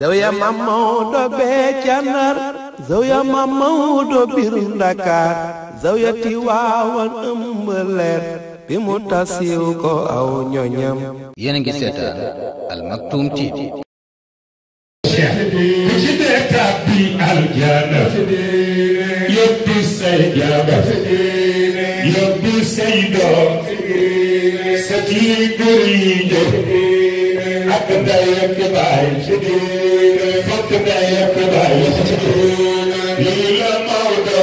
Zawiya Maam Maodo bee ca Ndar Zawiya Maam Maodo biir Ndakaar Zawiya Tiwaawan ëmb leer bi mu tasiw ko aw ñoñam yéen a ngi seetaan Al Maktoum TV ku ci dee tàbbi aljana yóbbu say jabar yóbbu say doom sa kii góor yi jóg fokk ndey ak baay si diine fokk ndey ak baay si diine lii la Maodo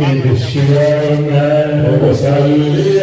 Shiva, Shiva, Shiva, Shiva, Shiva, Shiva, Shiva, Shiva, Shiva, Shiva,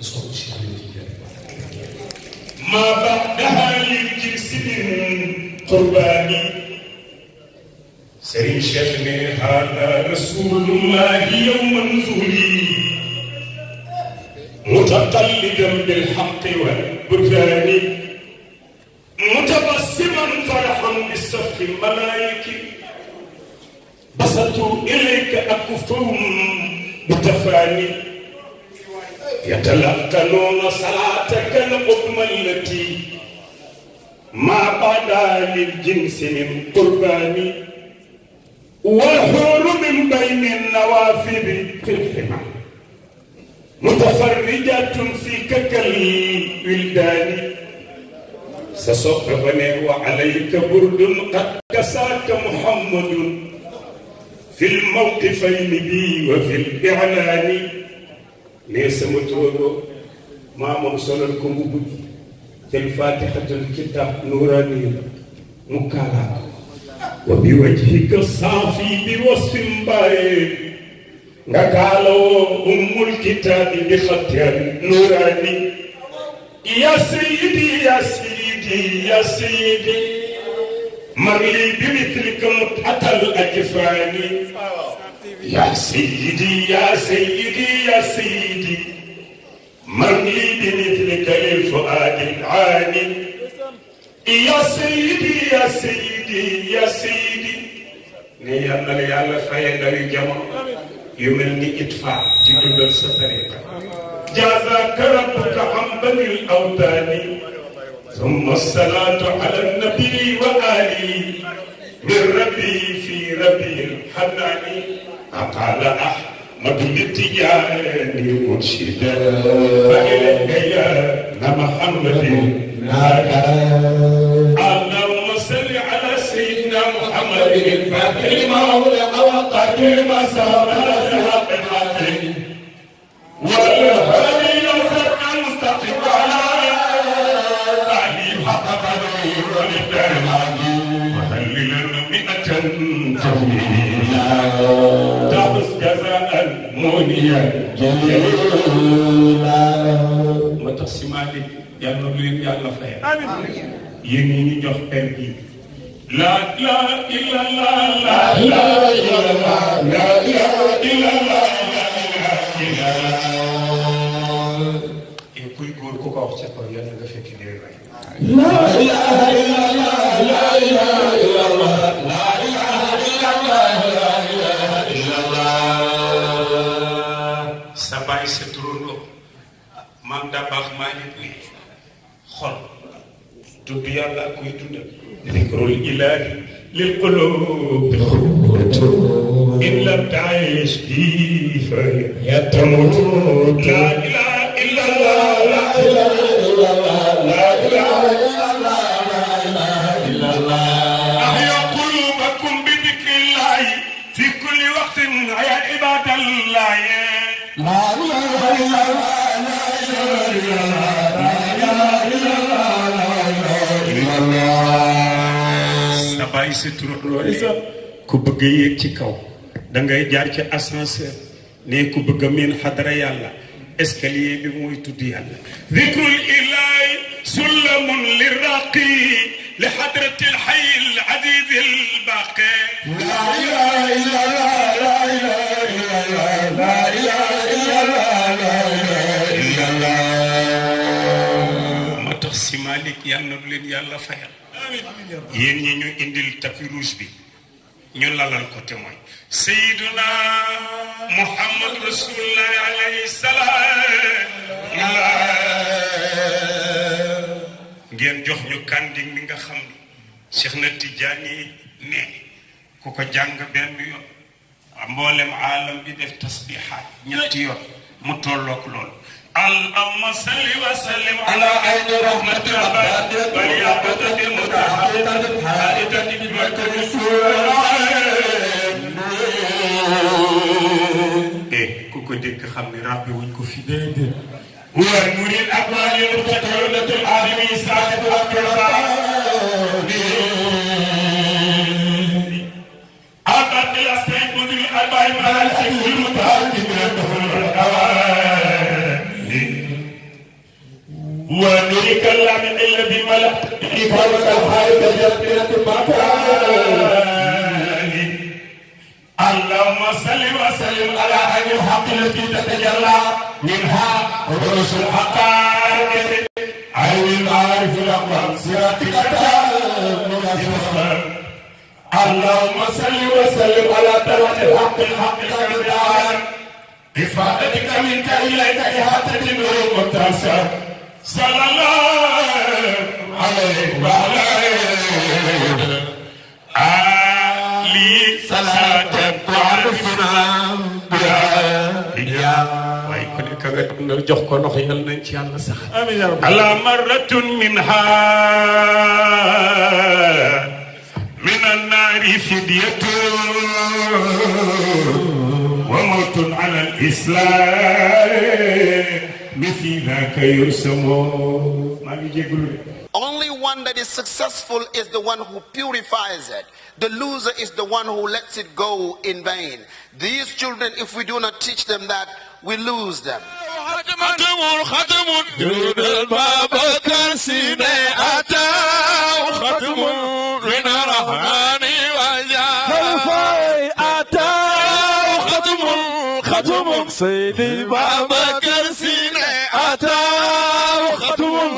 بصوت شعبية ما بعدها يمكن سنين قرباني سرين شيخنا هذا رسول الله يوم نزولي متقلدا بالحق والبرهان متبسما فرحا بصف الملائك بسطوا اليك اكفهم متفاني يتلقنون صلاتك القدم التي ما بعد للجنس من قربان والحور من بين النوافذ في الحمى متفرجة في ككل الولدان سصحبني وعليك برد قد كساك محمد في الموقفين بي وفي الإعلان ne sama turandoo maamam solal ko mbubb jël faatixatul kitaab nuuraani mu kaalaat wa bi saafi bi wasfi mbaare nga kaaloo ummul kitaabi bi xatiyar nuuraani ya sayidi ya sayidi ya sayidi mag bi mitlika mut atal ajfaani يا سيدي يا سيدي يا سيدي من لي بمثلك للفؤاد العاني يا سيدي يا سيدي يا سيدي ne yàlla na yàlla faye ndawi jamono yu mel ni itfa ci dundal sa tariqa ثم الصلاة على النبي وآله من ربي في ربي الحناني أقال أحمد للتجاني مرشدا فإليك يا محمد نادى اللهم صل على سيدنا محمد فكلمة أولى وقديمة سبب سحق الحق والهدي يوسف المستقيم على تعليم حق قدير للدرمان تعبس جزاء المونيا جليلا moo tax si Malick yàlla lu leen yàlla fayal. amiin yéen ñi ñu jox per gi. la la illa la la la. ذكر الاله للقلوب خبرت ان لم تعيش فيه فهي تموت لا اله الا الله لا اله إلا إلا الله الله الله لا إله قلوبكم بذكر في كل وقت يا عباد الله لا اله الا الله لا اله الا الله bàyyi sa turandoo sa ku bëgg a yéeg ci kaw da ngay jaar ci ascenseur ne ku bëgg a miin xadara yàlla escalier bi mooy tudd yàlla dikrul ilahi sullamun liraqi li xadrati lxay alaziz albaqi la ilaha illa allah la ilaha illa allah la ilaha illa allah la ilaha illa allah ma tax si malik yàlla na leen yàlla fayal yéen ñi ñu indi tapis ruus bi ñu lalal ko te mooy sayiduna muhammad rasulullah alayhi salaam ngeen jox ñu kandi mi nga xam ne Cheikh na Tijaani ne ku ko jàng benn yoon mboolem aalam bi def tasbihaat ñetti yoon mu tollook loolu اللهم صل وسلم على عين رحمة ربك واليابة المتحققة الحائطة بمكر السوء ku ko dégg xam ne rabbi wuñ ko fi déedéet. هو المريد أقوال المتكلمة العالمي ساعد أقربائه وأمريكا لم إلا بملا إفرق الحائط جبتنا مكان اللهم صل وسلم على عين الحق التي تتجلى منها رؤوس الحقائق عين العارف الأقوام صراطك اللهم صل وسلم على طلعة الحق الحق الأبدان إفادتك منك إليك إحاطة النور المتسع صلى الله عليه وعلى آله صلاة تعرفنا بها waaye ku nekk nga xam ne jox ko ndox yal nañ ci yàlla sax. amiin yaa rabbi ala marratun minha min annaari fidyatun wa mawtun ala al-islaam Only one that is successful is the one who purifies it. The loser is the one who lets it go in vain. These children, if we do not teach them that, we lose them. أتى وختم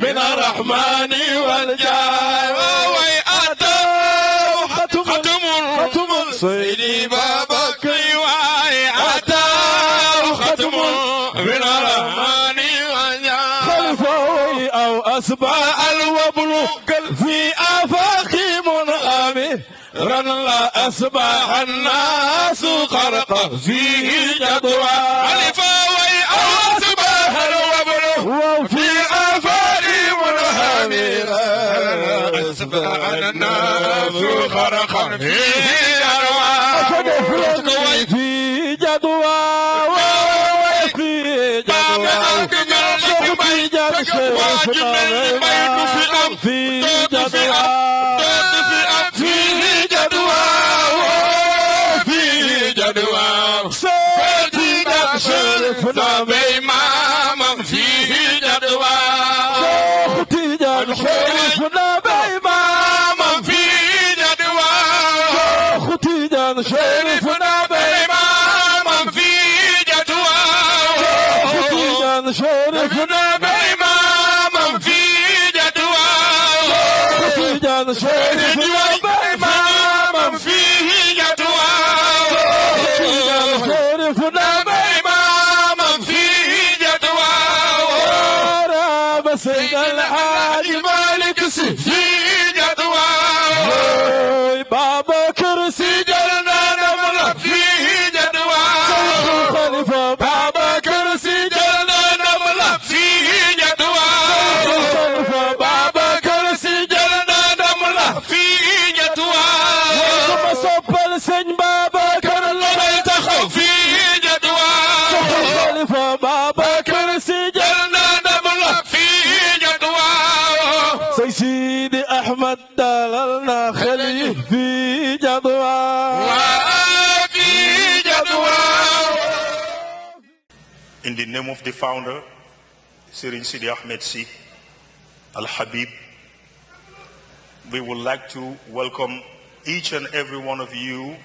من الرحمن والجاي وي أتى وختم ختم سيدي بابك وي أتى وختم من الرحمن والجاي خلفه أو أسبع الوبل قل في آفاق منغمي رن لا أسبع الناس قرقه فيه جدوى حسبنا الناس غرقا في أرواح في جدوى وفي جدوى في جدوى في جدوى Fatima. the name of the founder, Sirin Sidi Ahmed Si, Al-Habib, we would like to welcome each and every one of you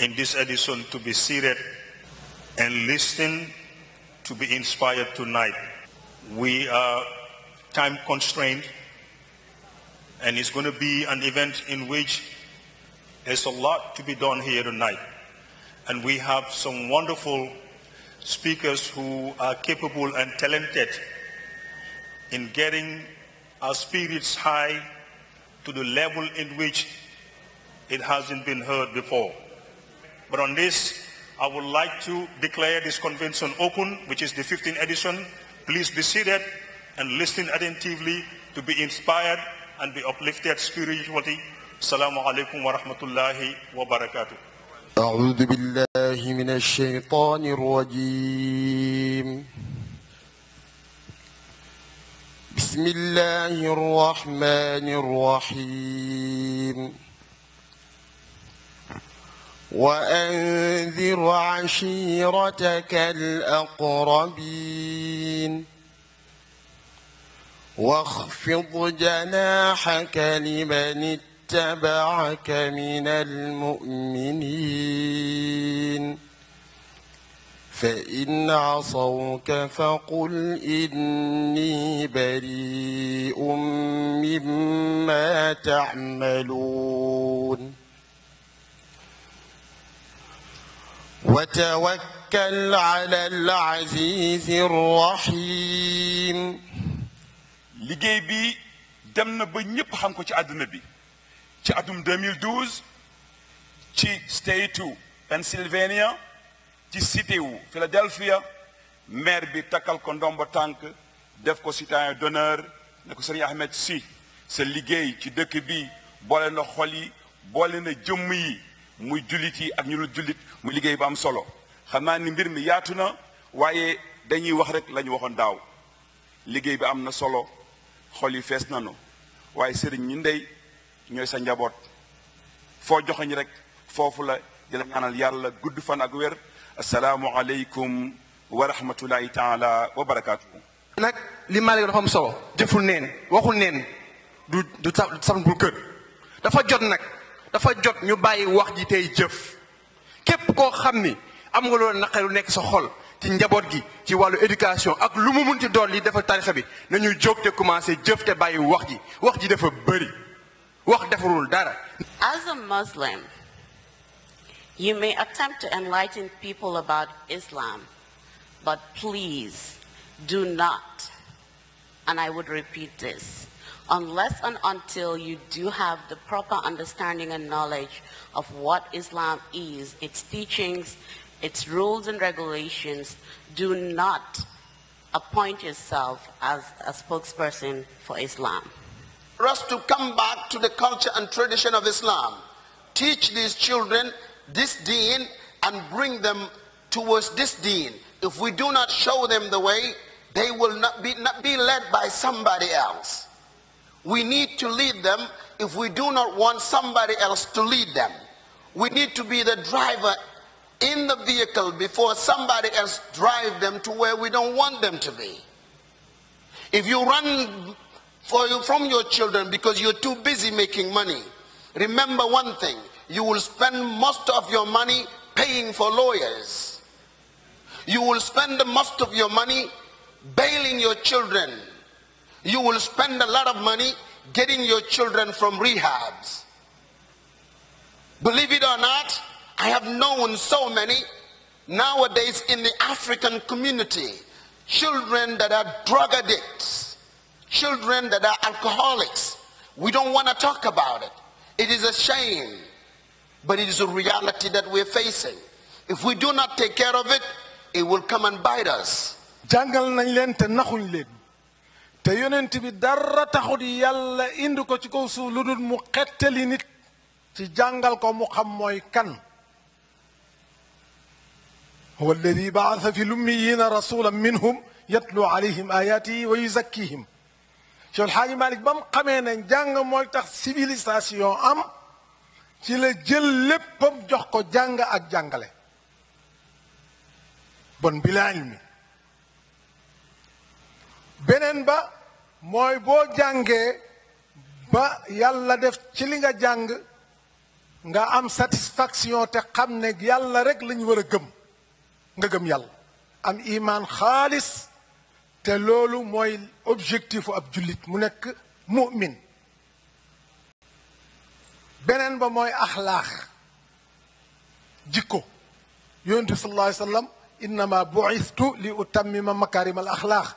in this edition to be seated and listen to be inspired tonight. We are time constrained and it's going to be an event in which there's a lot to be done here tonight. And we have some wonderful speakers who are capable and talented in getting our spirits high to the level in which it hasn't been heard before. But on this, I would like to declare this convention open, which is the 15th edition. Please be seated and listen attentively to be inspired and be uplifted spiritually. Assalamu alaikum wa rahmatullahi wa barakatuh. أعوذ بالله من الشيطان الرجيم بسم الله الرحمن الرحيم وأنذر عشيرتك الأقربين واخفض جناحك لمن اتبعك من المؤمنين فإن عصوك فقل إني بريء مما تعملون وتوكل على العزيز الرحيم لجيبي دمنا بنيب na ba ñëpp ci atum 2012 ci state u Pennsylvania ci cité wu Philadelphia maire bi takkal ko ndomba tànk def ko citoyen d'honneur ne ko sëriñ Ahmed si sa liggéey ci dëkk bi boole na xol yi boole na jëmm yi muy jullit yi ak ñu dul jullit muy liggéey bi am solo xam ni mbir mi yaatu na waaye dañuy wax rek la waxoon daaw liggéey bi am na solo xol yi fees nanu waaye sëriñ ñi ndey ñoy sa njabot fo joxagn rek fofu la di la ñaanal yàlla gudd fan ak wér assalamu alaykum wa rahmatullahi taala wa barakatuh nak li Malick dafa am solo deful neen waxul neen du du sam bu keur dafa jot nak dafa jot ñu bàyyi wax ji tay jëf kep ko xamni am nga lo naqari lu nekk sa xol ci njabot gi ci walu éducation ak lu mu munti doon li defal tarixa bi nañu jóg te commencé jëf te bàyyi wax ji wax ji dafa bëri As a Muslim, you may attempt to enlighten people about Islam, but please do not, and I would repeat this, unless and until you do have the proper understanding and knowledge of what Islam is, its teachings, its rules and regulations, do not appoint yourself as a spokesperson for Islam for us to come back to the culture and tradition of Islam. Teach these children this deen and bring them towards this deen. If we do not show them the way, they will not be, not be led by somebody else. We need to lead them if we do not want somebody else to lead them. We need to be the driver in the vehicle before somebody else drive them to where we don't want them to be. If you run for you from your children because you're too busy making money. Remember one thing, you will spend most of your money paying for lawyers. You will spend most of your money bailing your children. You will spend a lot of money getting your children from rehabs. Believe it or not, I have known so many nowadays in the African community, children that are drug addicts children that are alcoholics. We don't want to talk about it. It is a shame, but it is a reality that we're facing. If we do not take care of it, it will come and bite us. jàngal nañ te naxuñ te yonent bi dara taxut yàlla indi ko ci mu nit ci jàngal ko mu xam kan huwa rasulan minhum wa yuzakkihim Cheikh Alhaaji Malick ba mu xamee ne jàng mooy tax civilisation am ci la jël léppam jox ko jàng ak jàngale bon bilaañ mi beneen ba mooy boo jàngee ba yàlla def ci li nga jàng nga am satisfaction te xam ne yàlla rek lañu war a gëm nga gëm yàlla am imaan xaalis te loolu mooy objectifu ab jullit mu nekk mu'min beneen ba mooy axlaax jikko yonentu sallallahu alayhi wa sallam innama bu'istu li utammima makarim al axlaax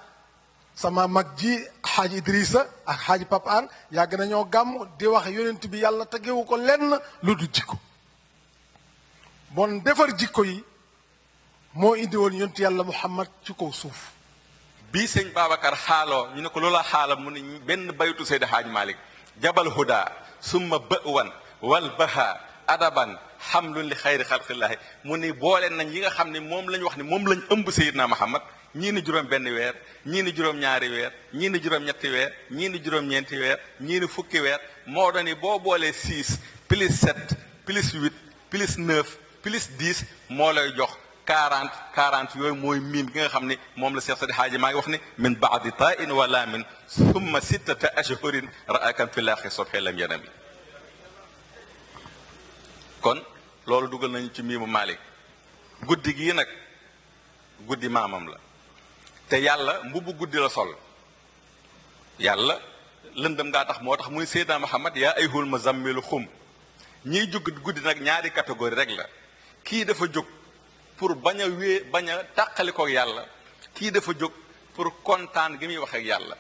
sama mag ji xaaj Idrissa ak xaaj Pape Hann yàgg nañoo gàmm di wax yonent bi yàlla tegewu ko lenn lu du jikko bon defar jikko yi moo indiwoon yonentu yàlla Muhammad ci kaw suuf bii sëñ Babacar xaaloo ñu ne ko loola xaaloo mu ne benn baytu Seydi Haaj Malick jabal huda summa bëwan wal baha adaban xamlun li xayri xalqillaahi mu ni boole nañ yi nga xam ne moom lañ wax ne moom lañ ëmb Seydina Muhammad ñii ni juróom benn weer ñii ni juróom ñaari weer ñii ni juróom ñetti weer ñii ni weer ñii ni fukki weer moo doon ni boo boolee six plus sept plus huit plus neuf plus dix moo lay jox 40 40 yooyu mooy miim gi nga xam ne moom la Cheikh Sadi Xaaji maa ngi wax ne min baadi tain wa laamin summa sittata ashhurin raakam fi laaxi sobxe lam yanam yi kon loolu dugal nañu ci miimu Malick guddi gii nag guddi maamam la te yàlla mbubu guddi la sol yàlla lëndëm ngaa tax moo tax muy Seydina Muhammad yaa ayhul muzammilu xum ñiy jug guddi nag ñaari catégorie rek la kii dafa jóg pour baña wé baña bañ a ko yàlla ki dafa jóg pour contane gimi wax ak yàlla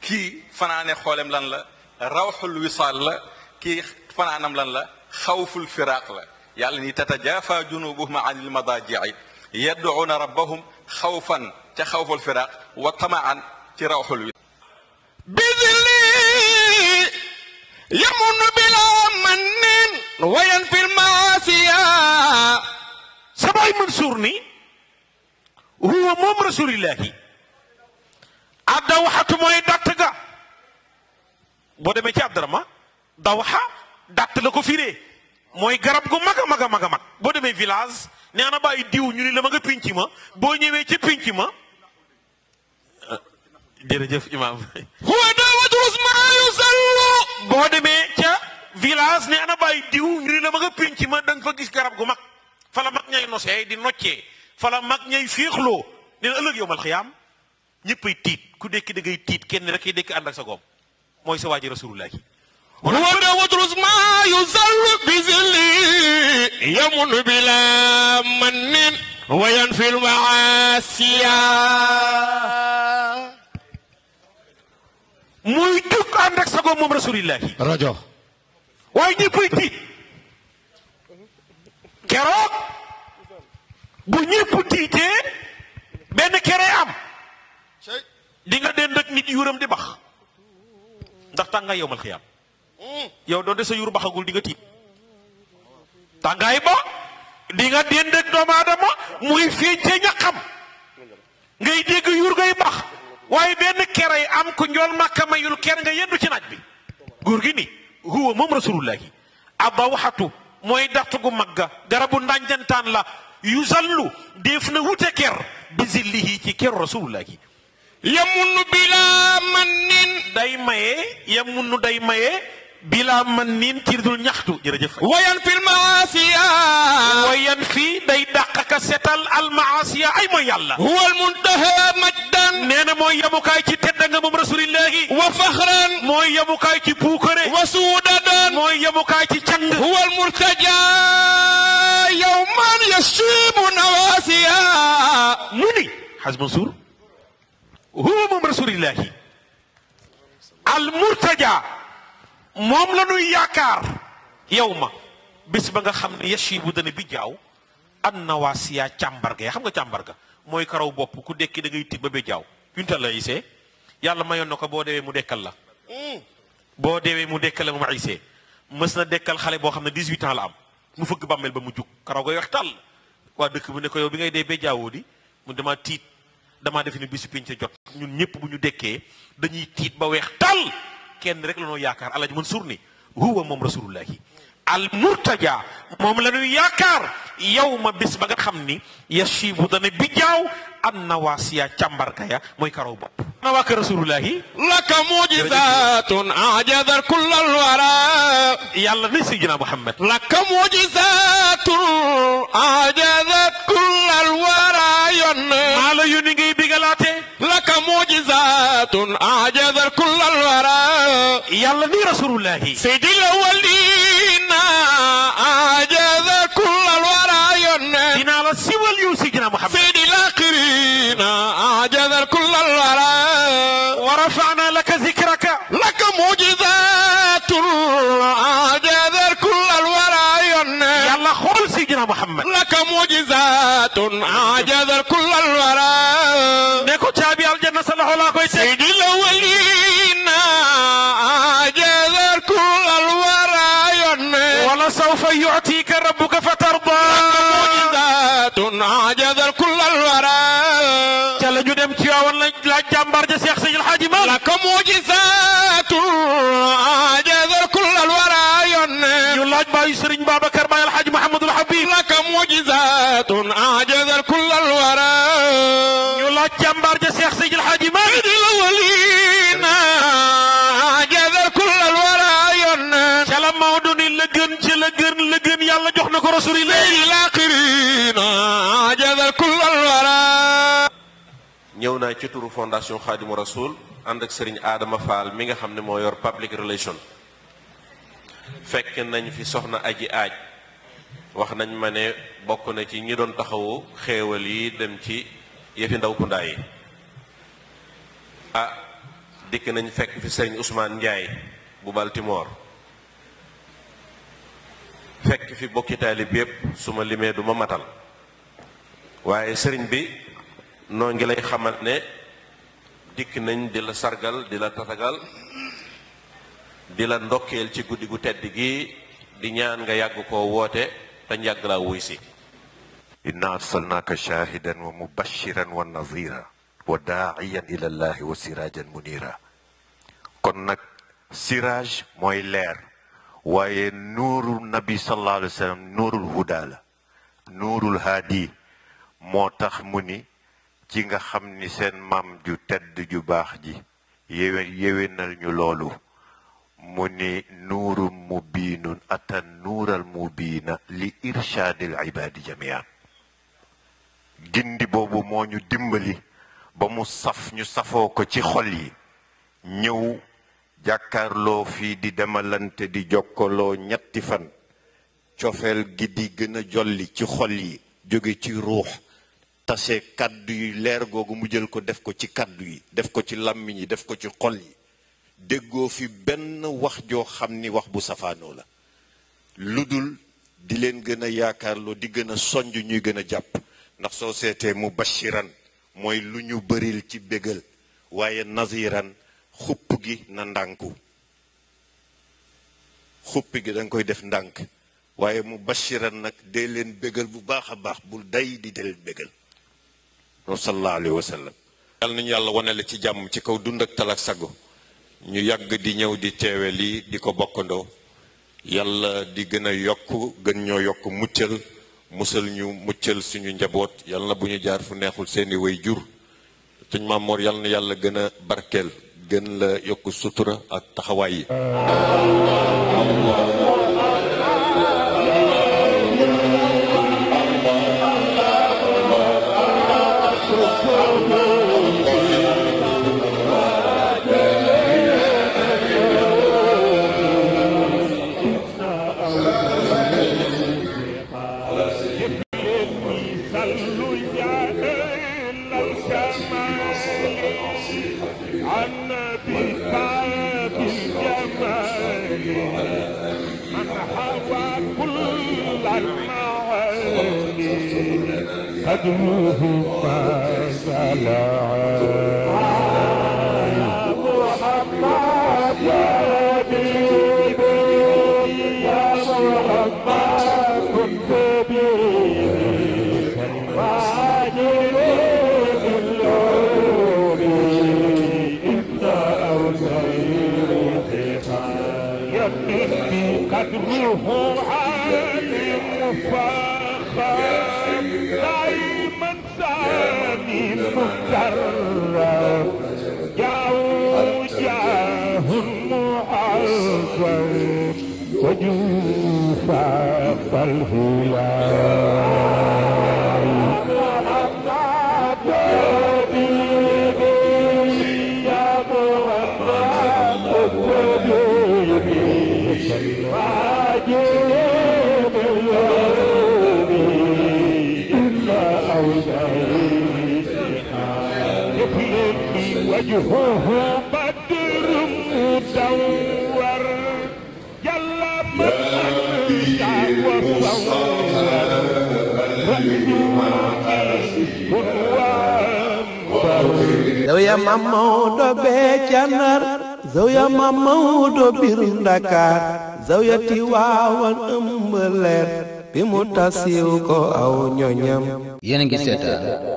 ki fanane xoolem lan la rawhul wisal la ki fananam lan la khawful firaq la yàlla ni tatajafa junubuhum an il madaajici yadduuna rabbahum xawfan ca xawful firaaq wa tamaan ci rawxul wisaal بذلي يمن بلا من وينفي المعاصي mooy Mansour ni huwa moom rasulillahi addawxatu mooy datt ga boo demee ci abdarama dawxa datt la ko firee mooy garab gu mag a mag a mag boo demee village nee na bàyyi diw ñu ni la ma nga pinc ma boo ñëwee ca pinc ma eh, jërëjëf imaam huwa daawatu usmaa boo demee ca village nee na bàyyi diw ñu ni la ma nga pinc ma da fa gis garab gu mag fa la mag ñay nosee di noccee fa la mag ñay féexloo nee na ëllëg yowmal xiyaam ñëppay tiit ku dekki da ngay tiit kenn rek dekk ànd ak sa góom mooy sa waaji rasulullah muy and ak mom rajo way tiit keroog bu ñëpp tiitee benn dengar am di nga dend ak nit yuuram di bax ndax tàngaay yowmal xiyaam mm. yow doonte sa yuur baxagul di nga tiit tàngaay ba di nga dend ak doomu aadama muy feeñ ca ñaqam ngay dégg yuur ngay bax waaye benn kere am ku njool màkka mayul nga yendu ci naaj bi góor gi ni huwa rasulullahi mooy daxtu gu magga garabu ndànjantaan la yusallu def na wute ker bi zillihi ci ker rasulullah ki yamunnu bilaa man nin day maye yamunnu day maye bilaa man nin ci dul ñaxtu jërëjëf wayan fil maasiya ستال المعاصي اي مو يالا هو المنتهى مجدا نين مو يمو كاي تي تدنغ مو رسول الله وفخرا مو يمو كاي تي بوكري وسودا مو يمو كاي تي تشند هو المرتجى يوما يشيب نواسيا مني حزب منصور هو مو رسول الله المرتجى موم لا نو ياكار يوما بس بغا خامني يشيب دني بيجاو an nawasiya càmbar ga xam nga càmbar ga mooy karaw bopp ku dekki da ngay tibb ba be la isee yàlla mayoon na ko boo deewee mu dekkal la hmm. boo deewee mu dekkal la moom isee mës na dekkal xale boo xam ne 18 ans la am mu fëgg ba mu karaw wax bu ne ko yow bi ngay be jaawoo di mu dama tiit damaa defe ne bisu pénc jot ñun ñëpp bu ñu dekkee dañuy tiit ba weex tàll kenn rek la alaji surni huwa moom rasulullahi al murtaja moom la yow ma bis ba nga xam ni yasibu dana bi jaaw an nawaasiya càmbarka ya mooy karaw bopp na waa kër rasulullahi laka mujizatun ajadar kullal wara yàlla ni sidina muhammad laka mujizatun ajadar kullal wara yonne maa la yónni ngay bigalaate laka mujizatun ajadar kullal wara yàlla ni rasulullahi sayyidil awwalin سيول يوسيكنا محمد سيدي لاقرين أعجز كل الورى ورفعنا لك ذكرك لك معجزات أعجز كل الورى يلا خول سجنا محمد لك معجزات أعجز كل الورى jazal kullal wara ca la ñu dem ci waawoon lañ laaj jàmbar ja Seex Seydil Haaji Maalik la ko mujisaatu jazal kullal wara yonne ñu laaj baayu Sëriñ Babacar Baay Alhaaji Muhammadul Habib la ko mujisaatu jazal kullal wara ñu laaj jàmbar ja Seex Seydil Haaji Maalik na ko ñëw naa ci turu fondation Xaadimu Rasul ànd ak sëriñ aadama Fall mi nga xam ne moo yor public relation fekk nañ fi soxna aji aaj wax nañ ma ne bokk na ci ñi doon taxawu xéewal yi dem ci yëfi ndaw kundaay yi ah dikk nañ fekk fi sëriñ Ousmane Ndiaye bu Baltimore fekk fi bokki taalib yépp su ma limee du ma matal waaye sëriñ bi noo ngi lay xamal ne dikk nañ di la sargal di la tatagal di la ci guddi gu tedd gi di ñaan nga wuy inna arsalnaka shahidan wa mubashiran wa nazira wa da'iyan ila allahi wa sirajan munira kon siraj moyler waaye nuurul nabi sallallahu wa sallam nuurul huda la nuurul haadi moo tax mu ni ci nga xam ni seen maam ju tedd ju baax ji yewe yewenal ñu loolu mu ni nuurun atan nuural mubiina li irshadil ibaadi jamian gindi boobu moo dimbali ba mu saf ñu safo ko ci xol yi jàkkaarloo fii di demalante di jokkaloo ñetti fan cofeel gi di gën a jolli ci xol yi jóge ci ruux tase kàddu yi leer googu mu jël ko def ko ci kàddu yi def ko ci làmmiñ yi def ko ci xol yi déggoo fi benn wax joo xam ni wax bu safaanoo la lu dul di leen gën a yaakaarloo di gën a sonj ñuy gën a jàpp ndax soo seetee mu bashiran mooy lu ñu baril ci bégal waaye naziran xupp gi na ndànku xuppi gi danga koy def ndànk waaye mu bashiran nag dee leen bégal bu baax a baax bul day di dee leen bégal loolu sallallahu alayhi nañu yàlla wanele ci jàmm ci kaw dund ak talak sago ñu yàgg di ñëw di teewe lii di ko bokkandoo yàlla di gën a yokk gën ñoo yokk muccal musal ñu muccal suñu njaboot yàlla bu ñu jaar fu neexul seeni way jur suñ maamoor yàlla na yàlla gën a barkeel gën la yokku sutura ak taxawaay yi Hallelujah, عن بباب الجمال من حوى كل المعالي قدره ما زال ساق الهلال عجيب اليوم إلا أولئك مثلك وجهه بدر مدور zawya Mam Maodo bee ca Ndar zawya Mam biir Ndakaar zawya Tiwaawan ëmb leer bi mu tasiw ko aw ñoñam yéen a ngi seetaan